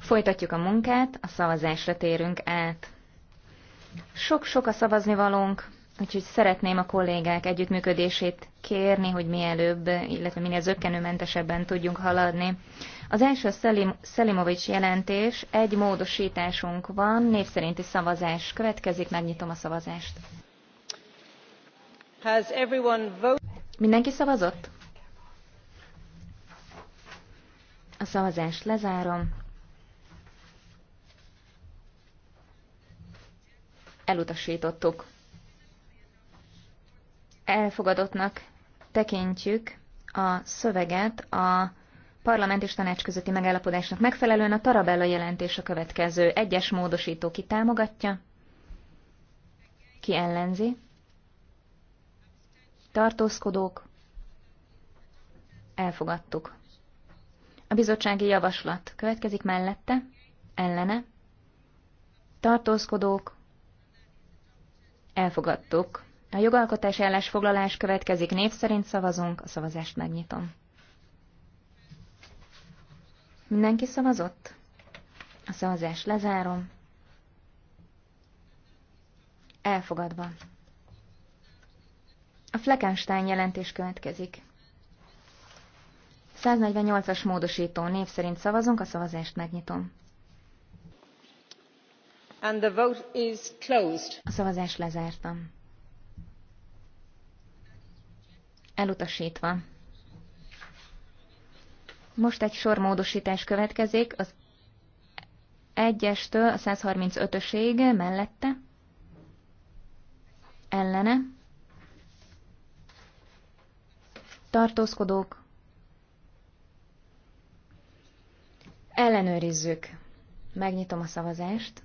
Folytatjuk a munkát, a szavazásra térünk át. Sok-sok a szavaznivalónk, úgyhogy szeretném a kollégák együttműködését kérni, hogy mielőbb, illetve minél zöggenőmentesebben tudjunk haladni. Az első Szelim, Szelimovics jelentés, egy módosításunk van, név szerinti szavazás következik, megnyitom a szavazást. Has everyone vote? Mindenki szavazott? A szavazást lezárom. Elutasítottuk. Elfogadottnak tekintjük a szöveget a parlament és tanács közötti megállapodásnak megfelelően a Tarabella jelentés a következő. Egyes módosító ki támogatja, ki ellenzi, tartózkodók, elfogadtuk. A bizottsági javaslat következik mellette, ellene. Tartózkodók, elfogadtuk. A jogalkotás foglalás következik, név szerint szavazunk, a szavazást megnyitom. Mindenki szavazott? A szavazást lezárom. Elfogadva. A Fleckenstein jelentés következik. 148-as módosító név szerint szavazunk, a szavazást megnyitom. And the vote is closed. A szavazás lezártam. Elutasítva. Most egy sor módosítás következik, az 1-estől a 135-öség mellette, ellene, tartózkodók, Ellenőrizzük. Megnyitom a szavazást.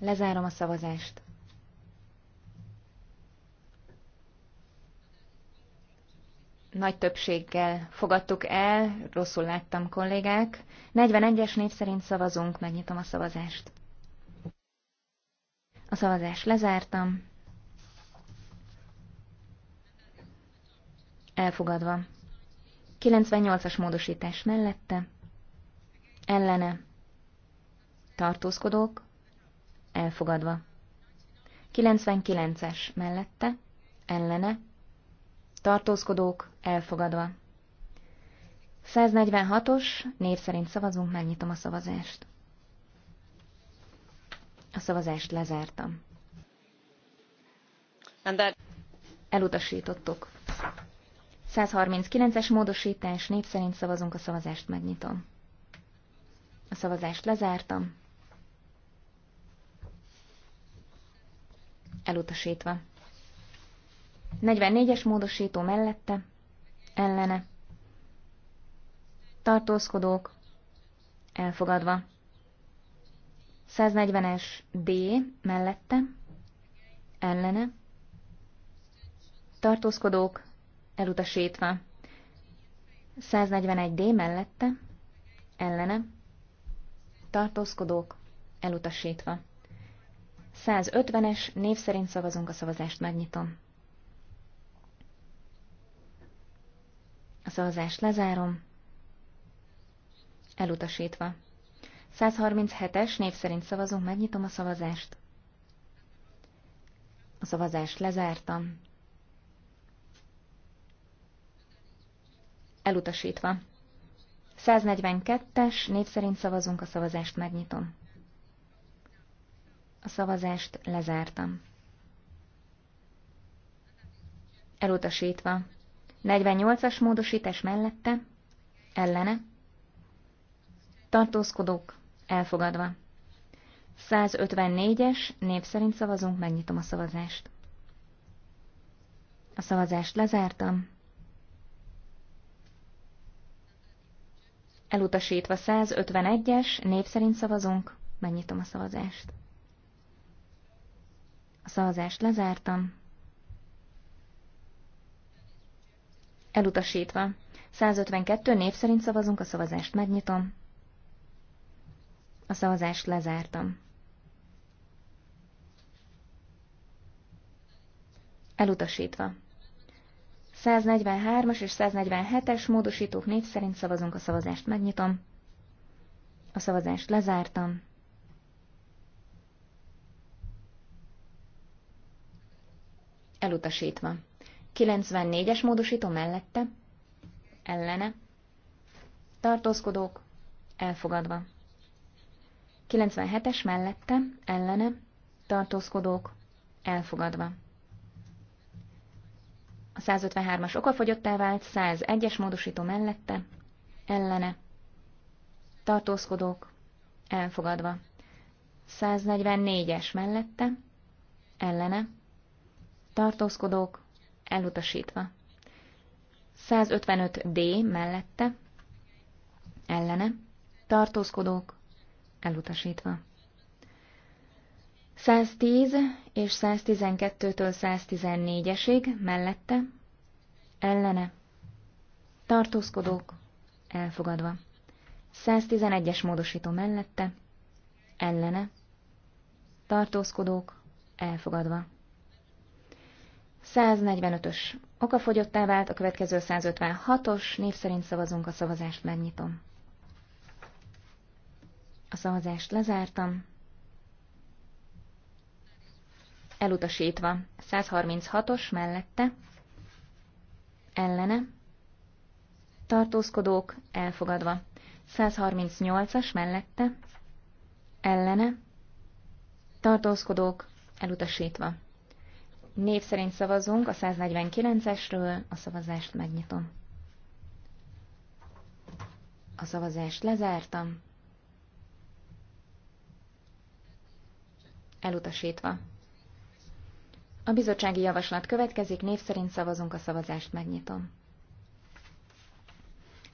Lezárom a szavazást. Nagy többséggel fogadtuk el, rosszul láttam kollégák. 41-es név szerint szavazunk, megnyitom a szavazást. A szavazást lezártam. Elfogadva. 98-as módosítás mellette, ellene, tartózkodók, elfogadva. 99-es mellette, ellene, tartózkodók, elfogadva. 146-os, név szerint szavazunk, megnyitom a szavazást. A szavazást lezártam. Elutasítottuk. 139-es módosítás, név szerint szavazunk, a szavazást megnyitom. A szavazást lezártam. Elutasítva. 44-es módosító mellette, ellene. Tartózkodók, elfogadva. 140-es D mellette, ellene. Tartózkodók, elutasítva. 141D mellette, ellene, tartózkodók, elutasítva. 150-es, név szerint szavazunk a szavazást, megnyitom. A szavazást lezárom. Elutasítva. 137-es, név szerint szavazunk, megnyitom a szavazást. A szavazást lezártam. Elutasítva. 142-es, név szerint szavazunk, a szavazást megnyitom. A szavazást lezártam. Elutasítva. 48-as módosítás mellette, ellene. Tartózkodók, elfogadva. 154-es, név szerint szavazunk, megnyitom a szavazást. A szavazást lezártam. Elutasítva 151-es, név szerint szavazunk. Megnyitom a szavazást. A szavazást lezártam. Elutasítva. 152 név szerint szavazunk, a szavazást megnyitom. A szavazást lezártam. Elutasítva. 143-as és 147-es módosítók név szerint szavazunk a szavazást. Megnyitom. A szavazást lezártam. Elutasítva. 94-es módosító mellette. Ellene. Tartózkodók. Elfogadva. 97-es mellette. Ellene. Tartózkodók. Elfogadva. A 153-as okafogyottá vált, 101-es módosító mellette, ellene, tartózkodók, elfogadva. 144-es mellette, ellene, tartózkodók, elutasítva. 155D mellette, ellene, tartózkodók, elutasítva. 110 és 112-től 114-esig mellette, ellene, tartózkodók, elfogadva. 111-es módosító mellette, ellene, tartózkodók, elfogadva. 145-ös okafogyottá vált, a következő 156-os, név szerint szavazunk, a szavazást megnyitom. A szavazást lezártam. Elutasítva. 136-os mellette. Ellene. Tartózkodók elfogadva. 138-as mellette. Ellene. Tartózkodók elutasítva. Név szerint szavazunk a 149-esről, a szavazást megnyitom. A szavazást lezártam. Elutasítva. A bizottsági javaslat következik, név szerint szavazunk a szavazást, megnyitom.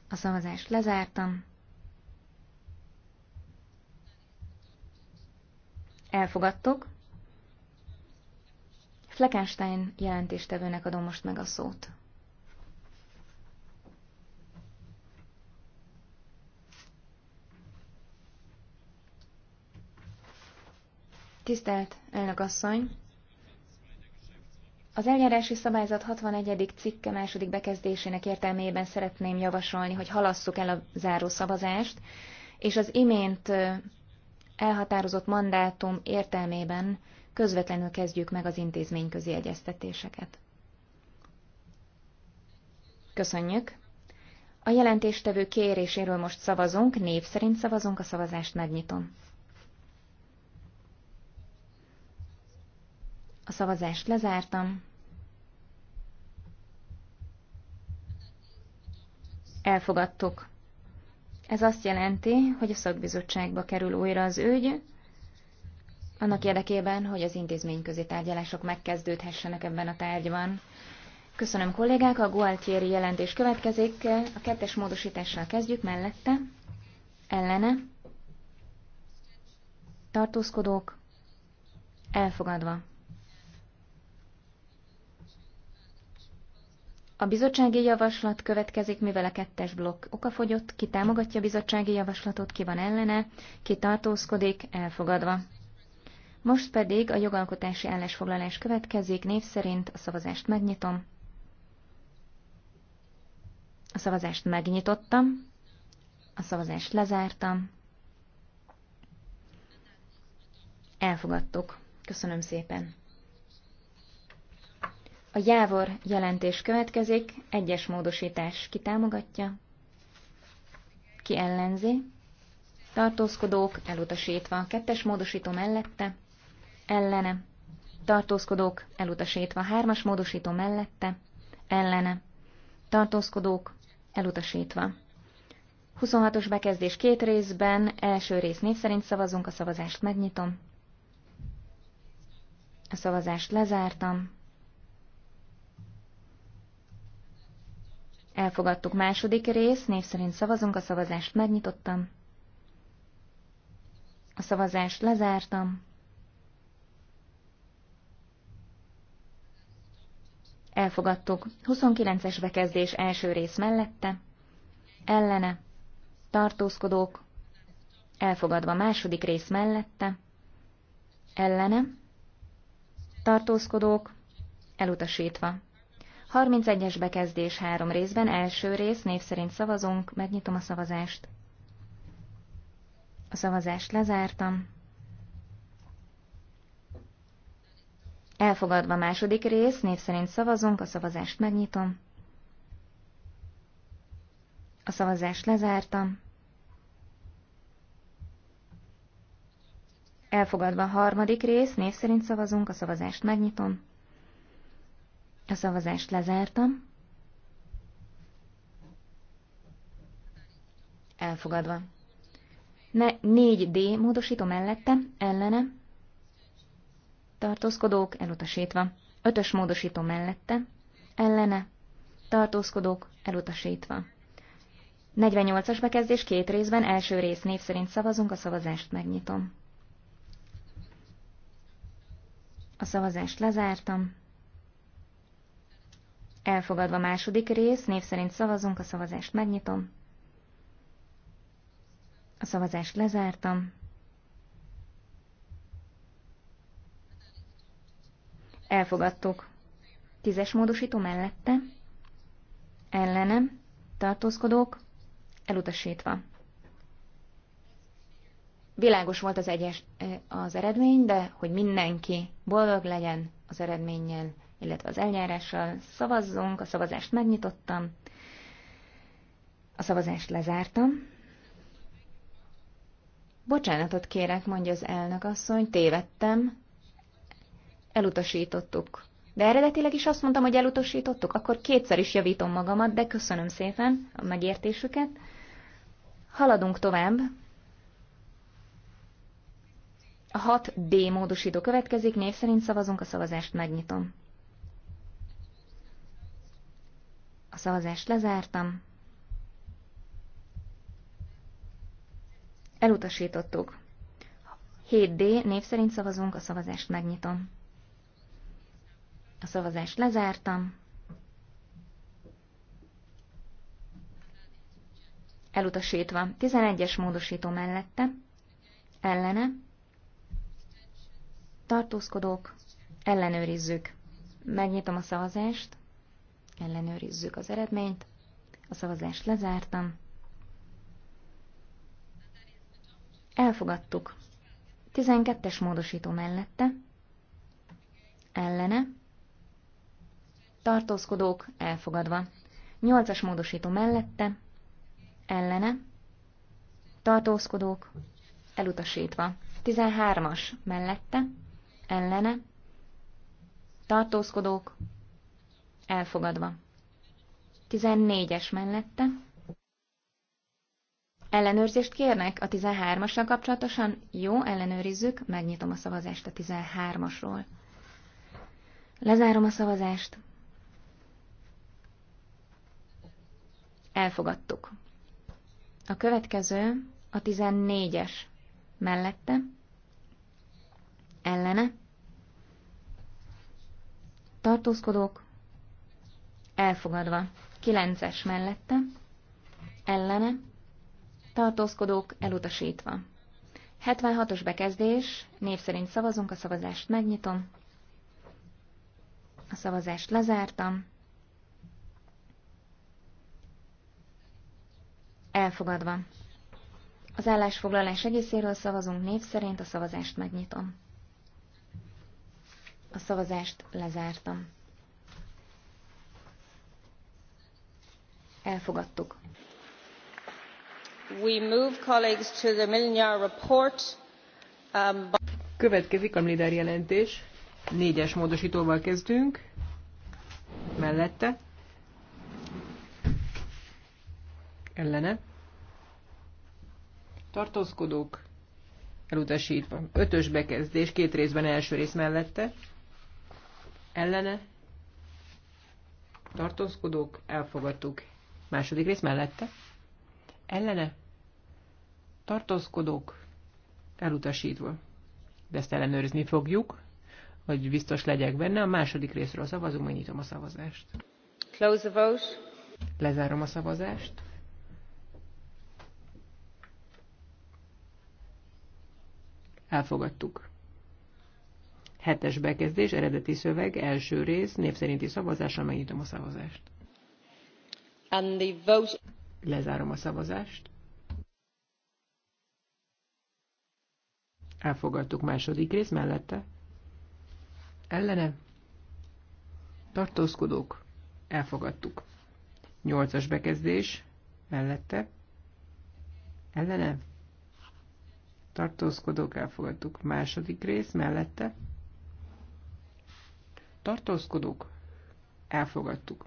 A szavazást lezártam. Elfogadtuk. Fleckenstein jelentéstevőnek adom most meg a szót. Tisztelt elnök asszony! Az eljárási szabályzat 61. cikke második bekezdésének értelmében szeretném javasolni, hogy halasszuk el a záró szavazást, és az imént elhatározott mandátum értelmében közvetlenül kezdjük meg az intézményközi egyeztetéseket. Köszönjük! A jelentéstevő kéréséről most szavazunk, név szerint szavazunk, a szavazást megnyitom. A szavazást lezártam. Elfogadtuk. Ez azt jelenti, hogy a szakbizottságba kerül újra az ügy, annak érdekében, hogy az intézményközi tárgyalások megkezdődhessenek ebben a tárgyban. Köszönöm kollégák, a Gualtieri jelentés következik. A kettes módosítással kezdjük, mellette, ellene, tartózkodók, elfogadva. A bizottsági javaslat következik, mivel a kettes blokk okafogyott, ki támogatja a bizottsági javaslatot, ki van ellene, ki tartózkodik, elfogadva. Most pedig a jogalkotási állásfoglalás következik, név szerint a szavazást megnyitom. A szavazást megnyitottam, a szavazást lezártam. Elfogadtuk. Köszönöm szépen. A Jávor jelentés következik, egyes módosítás ki támogatja, ki ellenzi, tartózkodók elutasítva, kettes módosító mellette, ellene, tartózkodók elutasítva, hármas módosító mellette, ellene, tartózkodók elutasítva. 26-os bekezdés két részben, első rész név szerint szavazunk, a szavazást megnyitom. A szavazást lezártam. Elfogadtuk második rész, név szerint szavazunk, a szavazást megnyitottam. A szavazást lezártam. Elfogadtuk. 29-es bekezdés első rész mellette. Ellene. Tartózkodók. Elfogadva második rész mellette. Ellene. Tartózkodók. Elutasítva. 31-es bekezdés három részben, első rész, név szerint szavazunk, megnyitom a szavazást. A szavazást lezártam. Elfogadva második rész, név szerint szavazunk, a szavazást megnyitom. A szavazást lezártam. Elfogadva harmadik rész, név szerint szavazunk, a szavazást megnyitom. A szavazást lezártam. Elfogadva. Ne, 4D módosító mellette, ellene. Tartózkodók elutasítva. 5-ös módosító mellette, ellene. Tartózkodók elutasítva. 48-as bekezdés két részben, első rész név szerint szavazunk, a szavazást megnyitom. A szavazást lezártam. Elfogadva második rész, név szerint szavazunk, a szavazást megnyitom. A szavazást lezártam. Elfogadtuk. Tízes módosító mellette. Ellenem. Tartózkodók. Elutasítva. Világos volt az egyes eh, az eredmény, de hogy mindenki boldog legyen az eredménnyel, illetve az eljárással szavazzunk. A szavazást megnyitottam, a szavazást lezártam. Bocsánatot kérek, mondja az elnök asszony, tévedtem, elutasítottuk. De eredetileg is azt mondtam, hogy elutasítottuk, akkor kétszer is javítom magamat, de köszönöm szépen a megértésüket. Haladunk tovább. A 6D módosító következik, név szerint szavazunk, a szavazást megnyitom. A szavazást lezártam. Elutasítottuk. 7D név szerint szavazunk, a szavazást megnyitom. A szavazást lezártam. Elutasítva. 11-es módosító mellette. Ellene. Tartózkodók. Ellenőrizzük. Megnyitom a szavazást. Ellenőrizzük az eredményt. A szavazást lezártam. Elfogadtuk. 12-es módosító mellette. Ellene. Tartózkodók elfogadva. 8-as módosító mellette. Ellene. Tartózkodók elutasítva. 13-as mellette. Ellene. Tartózkodók Elfogadva. 14-es mellette. Ellenőrzést kérnek a 13-assal kapcsolatosan? Jó, ellenőrizzük, megnyitom a szavazást a 13-asról. Lezárom a szavazást. Elfogadtuk. A következő a 14-es. Mellette. Ellene. Tartózkodók. Elfogadva. kilences mellette. Ellene. Tartózkodók elutasítva. 76-os bekezdés. Név szerint szavazunk, a szavazást megnyitom. A szavazást lezártam. Elfogadva. Az állásfoglalás egészéről szavazunk név szerint, a szavazást megnyitom. A szavazást lezártam. Elfogadtuk. We move colleagues to the report. Um, Következik a Mlider jelentés. Négyes módosítóval kezdünk. Mellette. Ellene. Tartózkodók. Elutasítva. Ötös bekezdés, két részben első rész mellette. Ellene. Tartózkodók. Elfogadtuk. Második rész mellette. Ellene. Tartózkodók. Elutasítva. De ezt ellenőrizni fogjuk, hogy biztos legyek benne. A második részről szavazunk, nyitom a szavazást. Close the vote. Lezárom a szavazást. Elfogadtuk. Hetes bekezdés, eredeti szöveg, első rész, név szavazásra megnyitom a szavazást. Lezárom a szavazást. Elfogadtuk második rész mellette. Ellene. Tartózkodók. Elfogadtuk. Nyolcas bekezdés. Mellette. Ellene. Tartózkodók. Elfogadtuk. Második rész. Mellette. Tartózkodók. Elfogadtuk.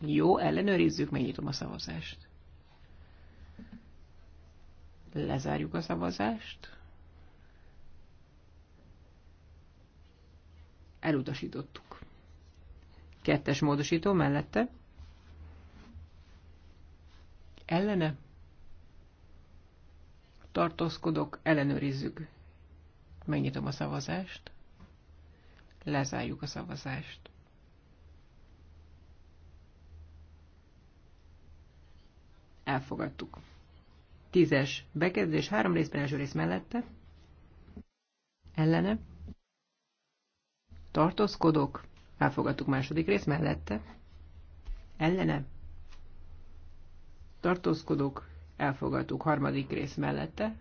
Jó, ellenőrizzük, megnyitom a szavazást. Lezárjuk a szavazást. Elutasítottuk. Kettes módosító mellette. Ellene. Tartózkodok, ellenőrizzük. Megnyitom a szavazást. Lezárjuk a szavazást. elfogadtuk. Tízes bekezdés három részben első rész mellette, ellene, tartózkodok, elfogadtuk második rész mellette, ellene, tartózkodok, elfogadtuk harmadik rész mellette.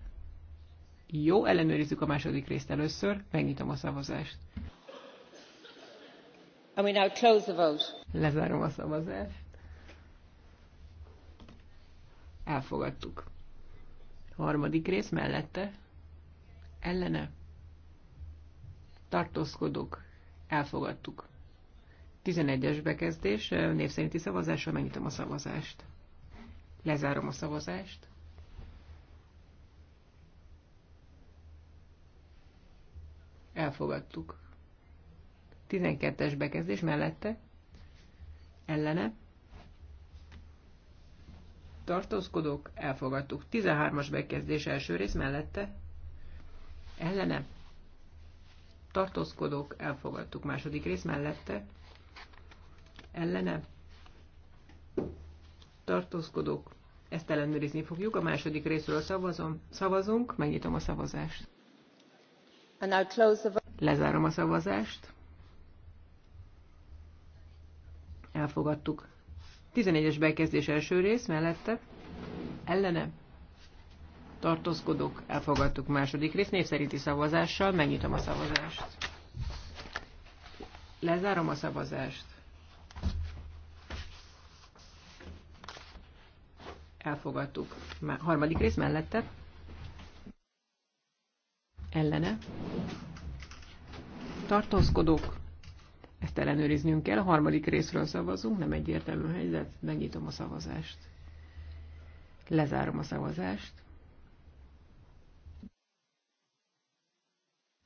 Jó, ellenőrizzük a második részt először, megnyitom a szavazást. And we now close the vote. Lezárom a szavazást. Elfogadtuk. Harmadik rész mellette. Ellene. Tartózkodók. Elfogadtuk. 11-es bekezdés, név szerinti szavazással megnyitom a szavazást. Lezárom a szavazást. Elfogadtuk. 12-es bekezdés mellette. Ellene tartózkodók, elfogadtuk. 13-as bekezdés első rész mellette, ellene, tartózkodók, elfogadtuk. Második rész mellette, ellene, tartózkodók, ezt ellenőrizni fogjuk. A második részről szavazom, szavazunk, megnyitom a szavazást. Lezárom a szavazást. Elfogadtuk. 14 es bekezdés első rész mellette ellene tartózkodok, elfogadtuk második rész név szerinti szavazással, megnyitom a szavazást. Lezárom a szavazást. Elfogadtuk. Már harmadik rész mellette. Ellene. Tartózkodok. Ezt ellenőriznünk kell. A harmadik részről szavazunk, nem egyértelmű helyzet. Megnyitom a szavazást. Lezárom a szavazást.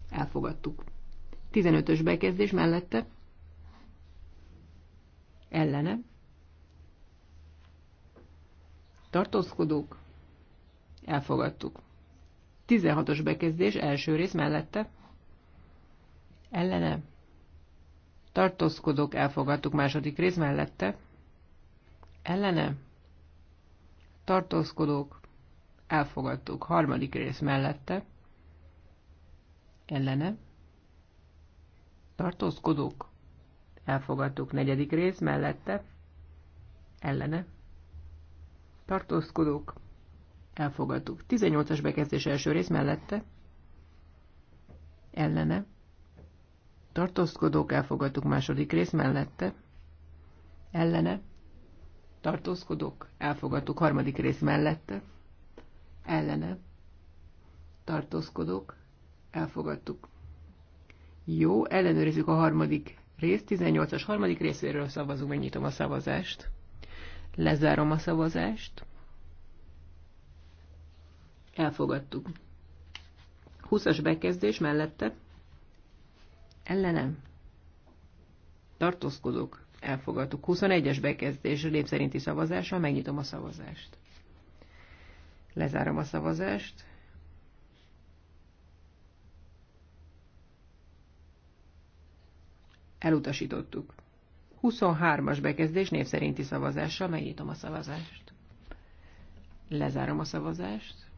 Elfogadtuk. 15-ös bekezdés mellette. Ellene. Tartózkodók. Elfogadtuk. 16-os bekezdés első rész mellette. Ellene tartózkodók elfogadtuk második rész mellette, ellene, tartózkodók elfogadtuk harmadik rész mellette, ellene, tartózkodók elfogadtuk negyedik rész mellette, ellene, tartózkodók elfogadtuk 18-as bekezdés első rész mellette, ellene, tartózkodók, elfogadtuk második rész mellette, ellene, tartózkodók, elfogadtuk harmadik rész mellette, ellene, tartózkodók, elfogadtuk. Jó, ellenőrizzük a harmadik részt, 18-as harmadik részéről szavazunk, megnyitom a szavazást. Lezárom a szavazást. Elfogadtuk. 20-as bekezdés mellette, ellenem Tartózkodok, elfogadtuk. 21-es bekezdés népszerinti szavazással megnyitom a szavazást. Lezárom a szavazást. Elutasítottuk. 23-as bekezdés népszerinti szavazással megnyitom a szavazást. Lezárom a szavazást.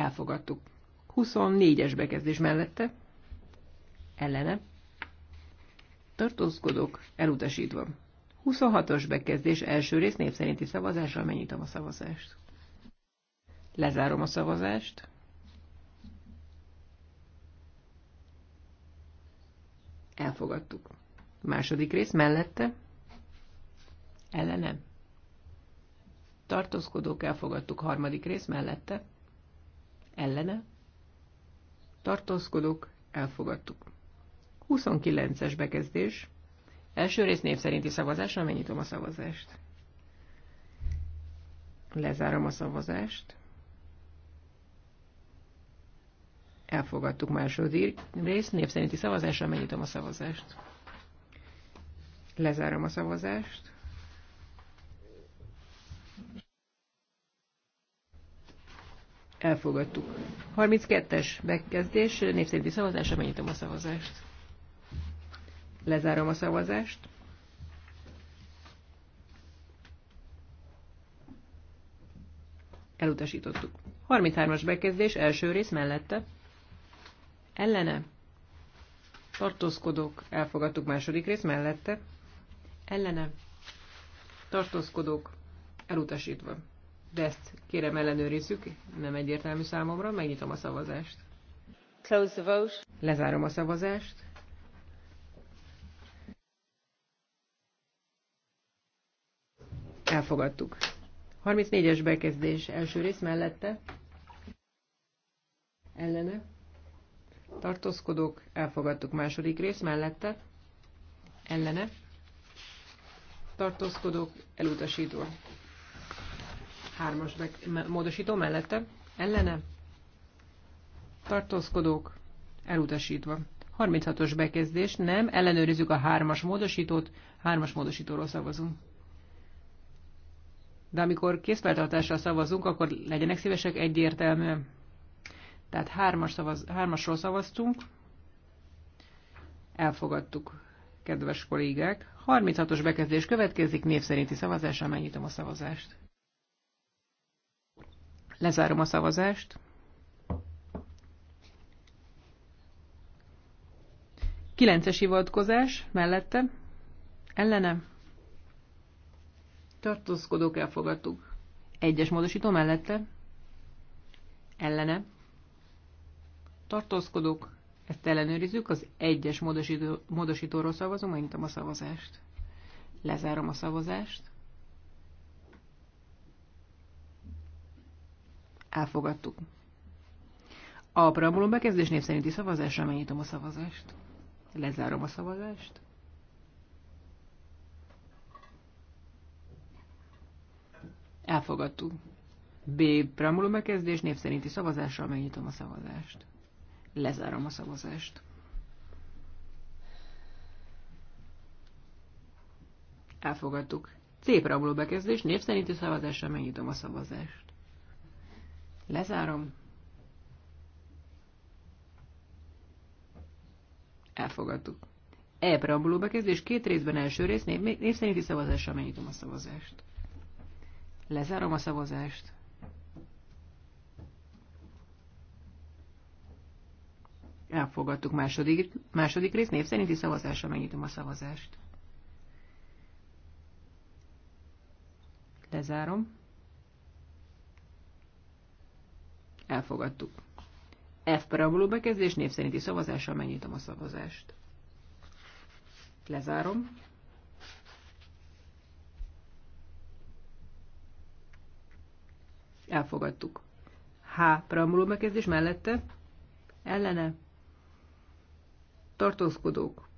Elfogadtuk. 24-es bekezdés mellette. Ellene. Tartózkodok, elutasítva. 26-os bekezdés első rész népszerinti szavazással megnyitom a szavazást. Lezárom a szavazást. Elfogadtuk. Második rész mellette. Ellenem. Tartózkodók elfogadtuk harmadik rész mellette ellene, Tartózkodok, elfogadtuk. 29-es bekezdés, első rész név szerinti szavazásra megnyitom a szavazást. Lezárom a szavazást. Elfogadtuk második rész név szerinti szavazásra megnyitom a szavazást. Lezárom a szavazást. Elfogadtuk. 32-es megkezdés, népszerinti szavazásra megnyitom a szavazást. Lezárom a szavazást. Elutasítottuk. 33-as bekezdés, első rész mellette. Ellene. Tartózkodók. Elfogadtuk második rész mellette. Ellene. Tartózkodók. Elutasítva de ezt kérem ellenőrizzük, nem egyértelmű számomra, megnyitom a szavazást. Close the vote. Lezárom a szavazást. Elfogadtuk. 34-es bekezdés első rész mellette. Ellene. Tartózkodók. Elfogadtuk második rész mellette. Ellene. Tartózkodók. Elutasítva. Hármas meg, módosító mellette, ellene, tartózkodók, elutasítva. 36-os bekezdés, nem, ellenőrizzük a hármas módosítót, hármas módosítóról szavazunk. De amikor készfeltartásra szavazunk, akkor legyenek szívesek egyértelműen. Tehát hármas szavaz, hármasról szavaztunk, elfogadtuk, kedves kollégák. 36-os bekezdés következik, név szerinti szavazás, megnyitom a szavazást. Lezárom a szavazást. Kilences hivatkozás mellette. Ellene. Tartózkodók elfogadtuk. Egyes módosító mellette. Ellene. Tartózkodók. Ezt ellenőrizzük. Az egyes módosító, módosítóról szavazom. Megnyitom a szavazást. Lezárom a szavazást. Elfogadtuk. A preambulum bekezdés név szerinti szavazásra megnyitom a szavazást. Lezárom a szavazást. Elfogadtuk. B. Preambulum bekezdés név szerinti szavazásra megnyitom a szavazást. Lezárom a szavazást. Elfogadtuk. C. Preambulum bekezdés név szerinti szavazásra megnyitom a szavazást. Lezárom. Elfogadtuk. E preambuló bekezdés két részben első rész név, név szerinti szavazással megnyitom a szavazást. Lezárom a szavazást. Elfogadtuk második, második rész név szerinti szavazással megnyitom a szavazást. Lezárom. Elfogadtuk. F paraboló bekezdés név szerinti szavazással megnyitom a szavazást. Lezárom. Elfogadtuk. H paraboló bekezdés mellette. Ellene. Tartózkodók.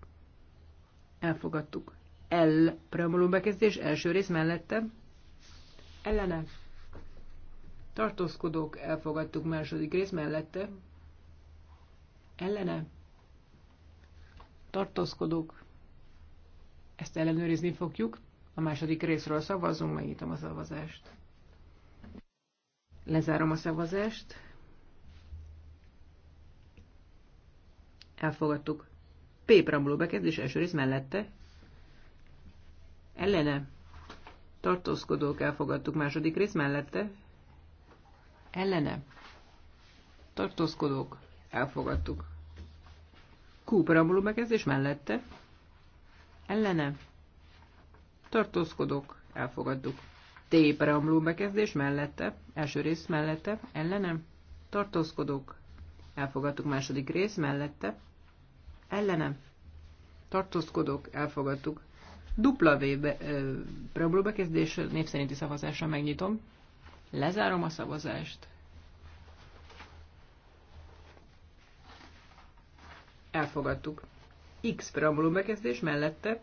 Elfogadtuk. L preambuló bekezdés első rész mellette. Ellene tartózkodók, elfogadtuk második rész mellette, ellene, tartózkodók, ezt ellenőrizni fogjuk, a második részről szavazunk, megnyitom a szavazást. Lezárom a szavazást. Elfogadtuk. P. bekezdés első rész mellette. Ellene. Tartózkodók elfogadtuk második rész mellette ellene tartózkodók elfogadtuk. Q preambulum bekezdés mellette ellene tartózkodók elfogadtuk. T preambulum bekezdés mellette első rész mellette ellene tartózkodók elfogadtuk. Második rész mellette ellene tartózkodók elfogadtuk. W preambulum bekezdés név szerinti szavazással megnyitom. Lezárom a szavazást. Elfogadtuk. X preambuló bekezdés mellette.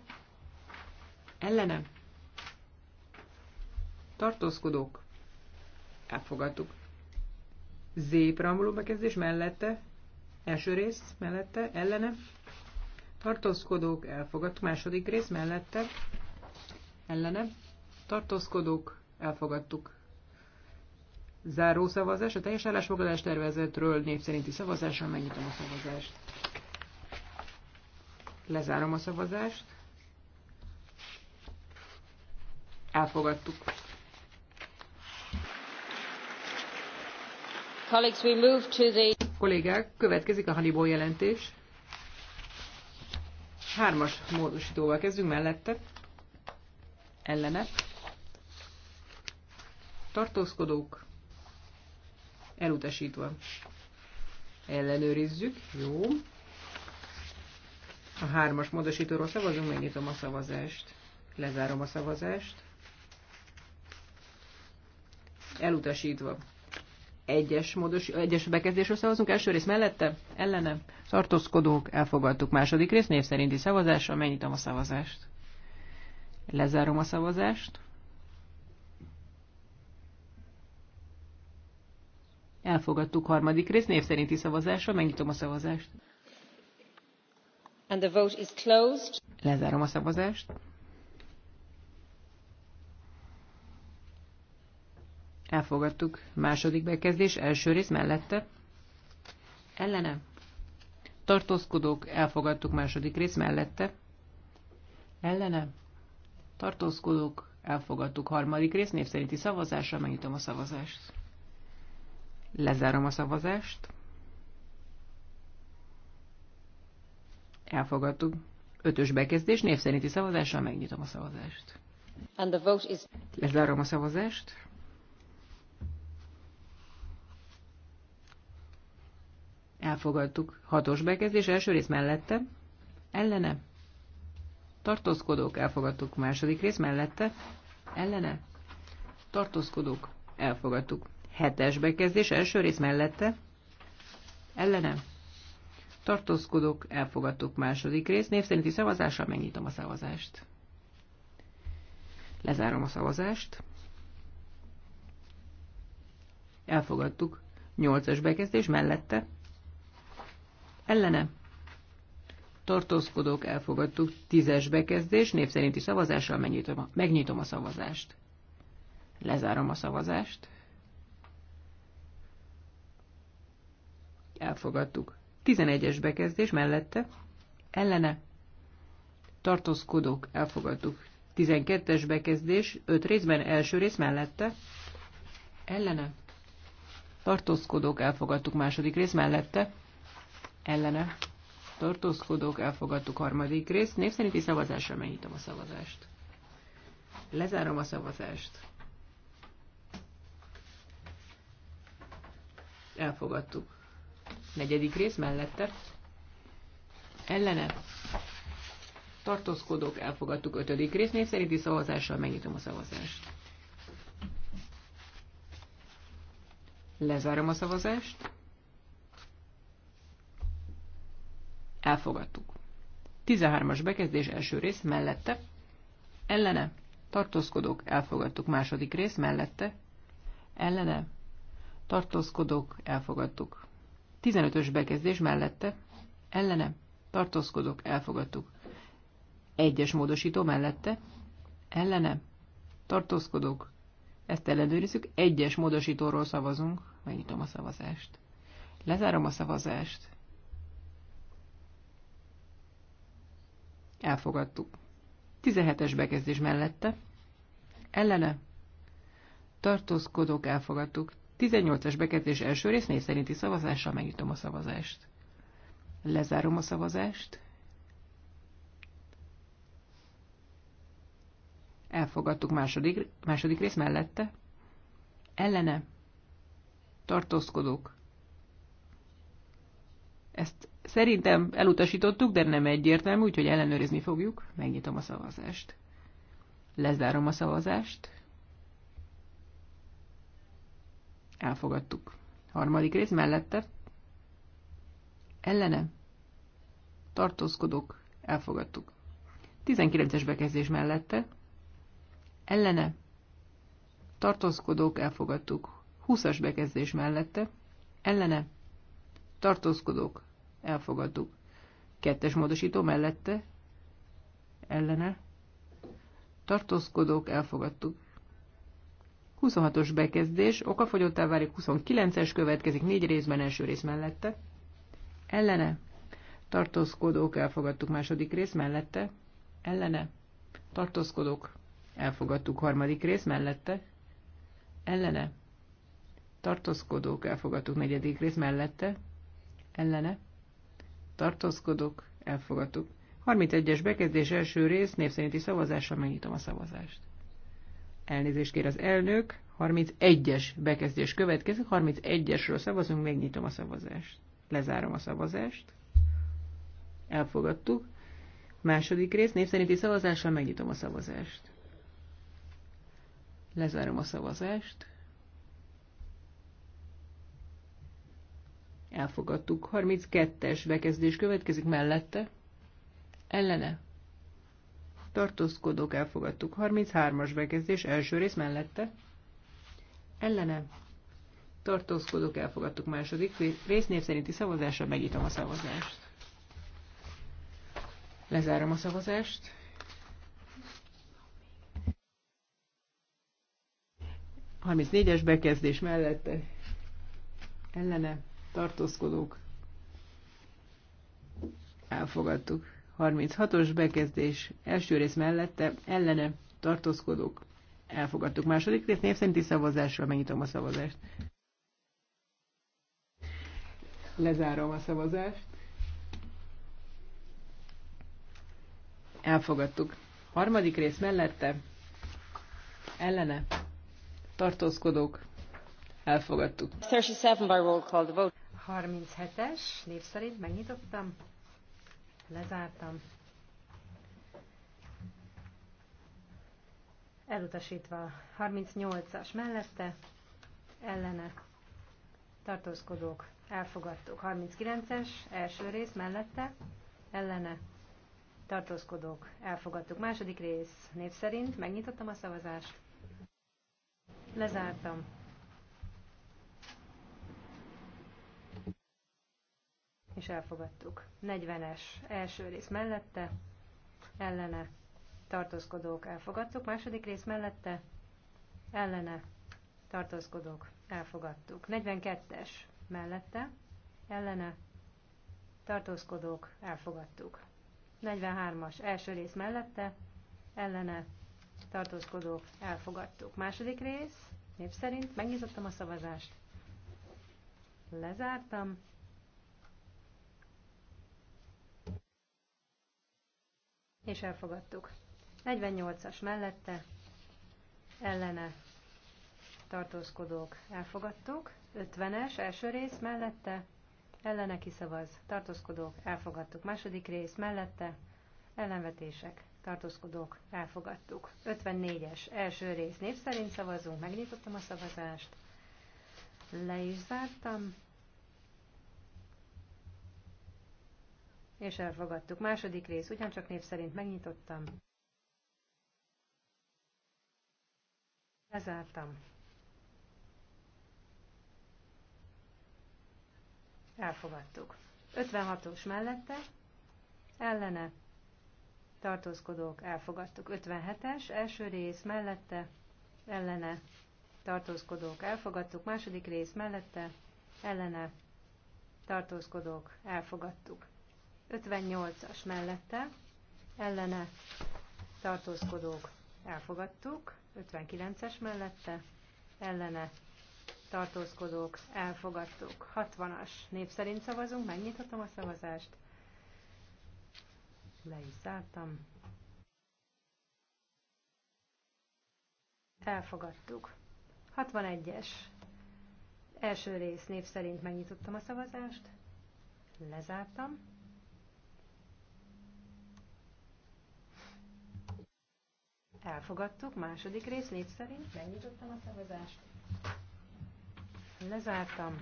Ellene. Tartózkodók. Elfogadtuk. Z preambuló bekezdés mellette. Első rész mellette. Ellene. Tartózkodók. Elfogadtuk. Második rész mellette. Ellene. Tartózkodók. Elfogadtuk. Záró szavazás a teljes állásfoglalás tervezetről szerinti szavazásra megnyitom a szavazást. Lezárom a szavazást. Elfogadtuk. Colleagues, we move to the... Kollégák, következik a Hannibal jelentés. Hármas módosítóval kezdünk mellette. Ellene. Tartózkodók elutasítva. Ellenőrizzük, jó. A hármas módosítóról szavazunk, megnyitom a szavazást, lezárom a szavazást. Elutasítva. Egyes, módos, egyes bekezdésről szavazunk, első rész mellette, ellene, tartózkodók, elfogadtuk második rész, név szerinti szavazással, megnyitom a szavazást. Lezárom a szavazást. Elfogadtuk harmadik rész, név szerinti szavazásra, megnyitom a szavazást. And the vote is closed. Lezárom a szavazást. Elfogadtuk. Második bekezdés, első rész mellette. Ellene. Tartózkodók, elfogadtuk második rész mellette. Ellene. Tartózkodók, elfogadtuk harmadik rész, név szerinti szavazásra, megnyitom a szavazást. Lezárom a szavazást. Elfogadtuk. Ötös bekezdés, név szerinti szavazással megnyitom a szavazást. And the vote is... Lezárom a szavazást. Elfogadtuk. Hatos bekezdés, első rész mellette. Ellene. Tartózkodók, elfogadtuk. Második rész mellette. Ellene. Tartózkodók, elfogadtuk. Hetes bekezdés első rész mellette. ellenem. Tartózkodok, elfogadtuk második rész. Név szerinti szavazással megnyitom a szavazást. Lezárom a szavazást. Elfogadtuk. Nyolcas bekezdés mellette. Ellene. Tartózkodok, elfogadtuk. Tízes bekezdés. Név szerinti szavazással megnyitom a, megnyitom a szavazást. Lezárom a szavazást. Elfogadtuk. 11-es bekezdés mellette. Ellene. Tartózkodók. Elfogadtuk. 12-es bekezdés 5 részben első rész mellette. Ellene. Tartózkodók. Elfogadtuk második rész mellette. Ellene. Tartózkodók. Elfogadtuk harmadik rész. Név szerinti szavazásra megnyitom a szavazást. Lezárom a szavazást. Elfogadtuk negyedik rész mellette, ellene, tartózkodók, elfogadtuk ötödik rész, név szerinti szavazással megnyitom a szavazást. Lezárom a szavazást. Elfogadtuk. 13-as bekezdés első rész mellette, ellene, tartózkodók, elfogadtuk második rész mellette, ellene, tartózkodók, elfogadtuk 15-ös bekezdés mellette, ellene, tartózkodok, elfogadtuk. Egyes módosító mellette, ellene, tartózkodok, ezt ellenőrizzük, egyes módosítóról szavazunk, megnyitom a szavazást. Lezárom a szavazást. Elfogadtuk. 17-es bekezdés mellette, ellene, tartózkodok, elfogadtuk. 18-as bekezdés első rész négy szerinti szavazással megnyitom a szavazást. Lezárom a szavazást. Elfogadtuk második, második rész mellette. Ellene. Tartózkodók. Ezt szerintem elutasítottuk, de nem egyértelmű, úgyhogy ellenőrizni fogjuk. Megnyitom a szavazást. Lezárom a szavazást. Elfogadtuk. Harmadik rész mellette. Ellene. Tartózkodok. Elfogadtuk. 19-es bekezdés mellette. Ellene. Tartózkodók. Elfogadtuk. 20-as bekezdés mellette. Ellene. Tartózkodók. Elfogadtuk. Kettes módosító mellette. Ellene. Tartózkodók. Elfogadtuk. 26-os bekezdés, okafogyottá válik 29-es, következik négy részben, első rész mellette. Ellene. Tartózkodók, elfogadtuk második rész mellette. Ellene. Tartózkodók, elfogadtuk harmadik rész mellette. Ellene. Tartózkodók, elfogadtuk negyedik rész mellette. Ellene. Tartózkodók, elfogadtuk. 31-es bekezdés első rész, név szerinti szavazással megnyitom a szavazást. Elnézést kér az elnök. 31-es bekezdés következik. 31-esről szavazunk, megnyitom a szavazást. Lezárom a szavazást. Elfogadtuk. Második rész, népszerinti szavazással megnyitom a szavazást. Lezárom a szavazást. Elfogadtuk. 32-es bekezdés következik mellette. Ellene tartózkodók elfogadtuk. 33-as bekezdés első rész mellette ellene tartózkodók elfogadtuk. Második rész név szerinti szavazásra megítom a szavazást. Lezárom a szavazást. es bekezdés mellette ellene tartózkodók elfogadtuk. 36-os bekezdés első rész mellette ellene tartózkodók elfogadtuk. Második rész név szerinti szavazásra megnyitom a szavazást. Lezárom a szavazást. Elfogadtuk. Harmadik rész mellette ellene tartózkodók elfogadtuk. 37-es név szerint megnyitottam lezártam. Elutasítva 38-as mellette, ellene tartózkodók elfogadtuk. 39-es első rész mellette, ellene tartózkodók elfogadtuk. Második rész név szerint megnyitottam a szavazást, lezártam. és elfogadtuk. 40-es első rész mellette, ellene, tartózkodók, elfogadtuk. Második rész mellette, ellene, tartózkodók, elfogadtuk. 42-es mellette, ellene, tartózkodók, elfogadtuk. 43-as első rész mellette, ellene, tartózkodók, elfogadtuk. Második rész, név szerint megnyitottam a szavazást, lezártam, és elfogadtuk. 48-as mellette ellene tartózkodók elfogadtuk, 50-es első rész mellette ellene kiszavaz, tartózkodók elfogadtuk, második rész mellette ellenvetések, tartózkodók elfogadtuk. 54-es első rész név szerint szavazunk, megnyitottam a szavazást, le is zártam, és elfogadtuk. Második rész, ugyancsak név szerint megnyitottam. Lezártam. Elfogadtuk. 56-os mellette, ellene, tartózkodók, elfogadtuk. 57-es, első rész mellette, ellene, tartózkodók, elfogadtuk. Második rész mellette, ellene, tartózkodók, elfogadtuk. 58-as mellette ellene tartózkodók elfogadtuk, 59-es mellette ellene tartózkodók elfogadtuk, 60-as név szerint szavazunk, megnyithatom a szavazást, le is zártam. Elfogadtuk. 61-es első rész név szerint megnyitottam a szavazást, lezártam. Elfogadtuk. Második rész négy szerint. Megnyitottam a szavazást. Lezártam.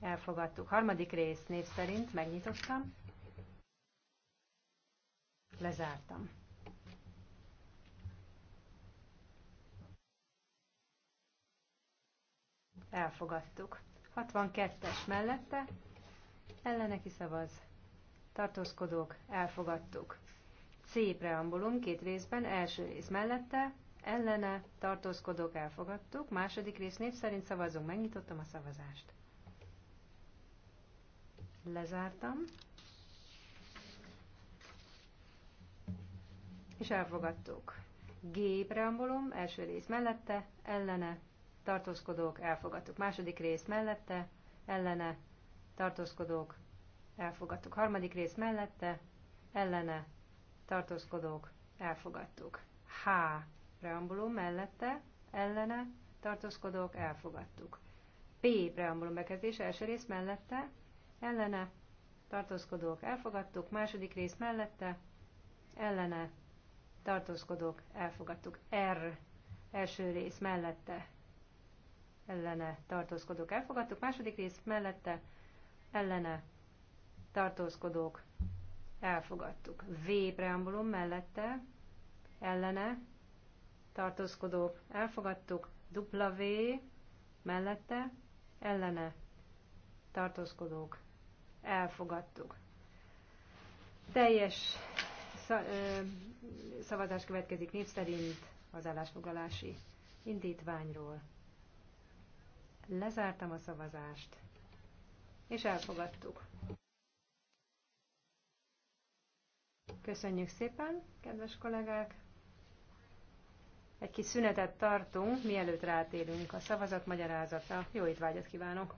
Elfogadtuk. Harmadik rész név szerint megnyitottam. Lezártam. Elfogadtuk. 62-es mellette ellene szavaz. tartózkodók, elfogadtuk. C preambulum két részben, első rész mellette, ellene, tartózkodók, elfogadtuk, második rész név szerint szavazunk, megnyitottam a szavazást. Lezártam. És elfogadtuk. G preambulum, első rész mellette, ellene, tartózkodók, elfogadtuk. Második rész mellette, ellene, tartózkodók, elfogadtuk. Harmadik rész mellette, ellene, tartózkodók, elfogadtuk. H. Preambulum mellette, ellene, tartózkodók, elfogadtuk. P. Preambulum bekezdés első rész mellette, ellene, tartózkodók, elfogadtuk. Második rész mellette, ellene, tartózkodók, elfogadtuk. R. Első rész mellette, ellene tartózkodók elfogadtuk, második rész mellette ellene tartózkodók elfogadtuk. V preambulum mellette ellene tartózkodók elfogadtuk. V mellette ellene tartózkodók elfogadtuk. Teljes szavazás következik név szerint az állásfoglalási indítványról. Lezártam a szavazást és elfogadtuk. Köszönjük szépen, kedves kollégák! Egy kis szünetet tartunk, mielőtt rátérünk a szavazat magyarázata. Jó étvágyat kívánok!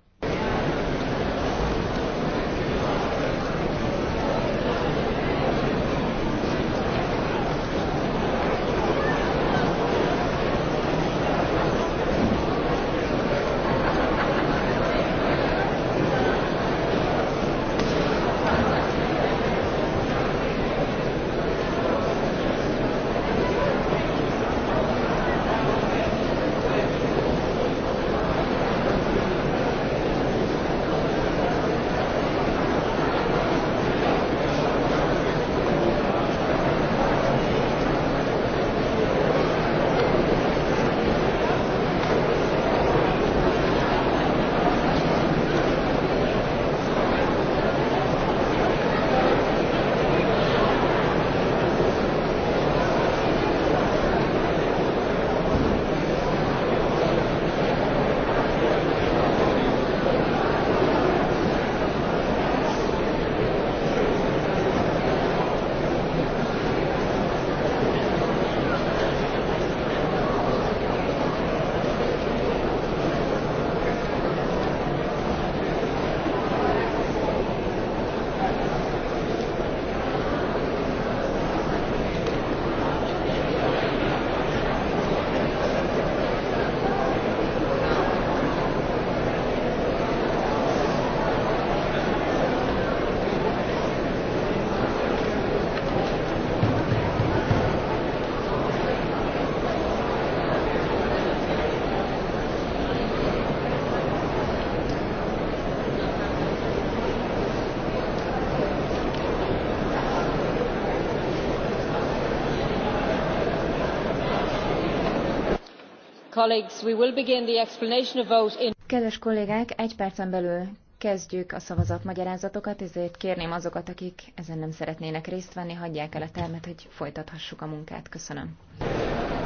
Kedves kollégák, egy percen belül kezdjük a szavazatmagyarázatokat, ezért kérném azokat, akik ezen nem szeretnének részt venni, hagyják el a termet, hogy folytathassuk a munkát. Köszönöm.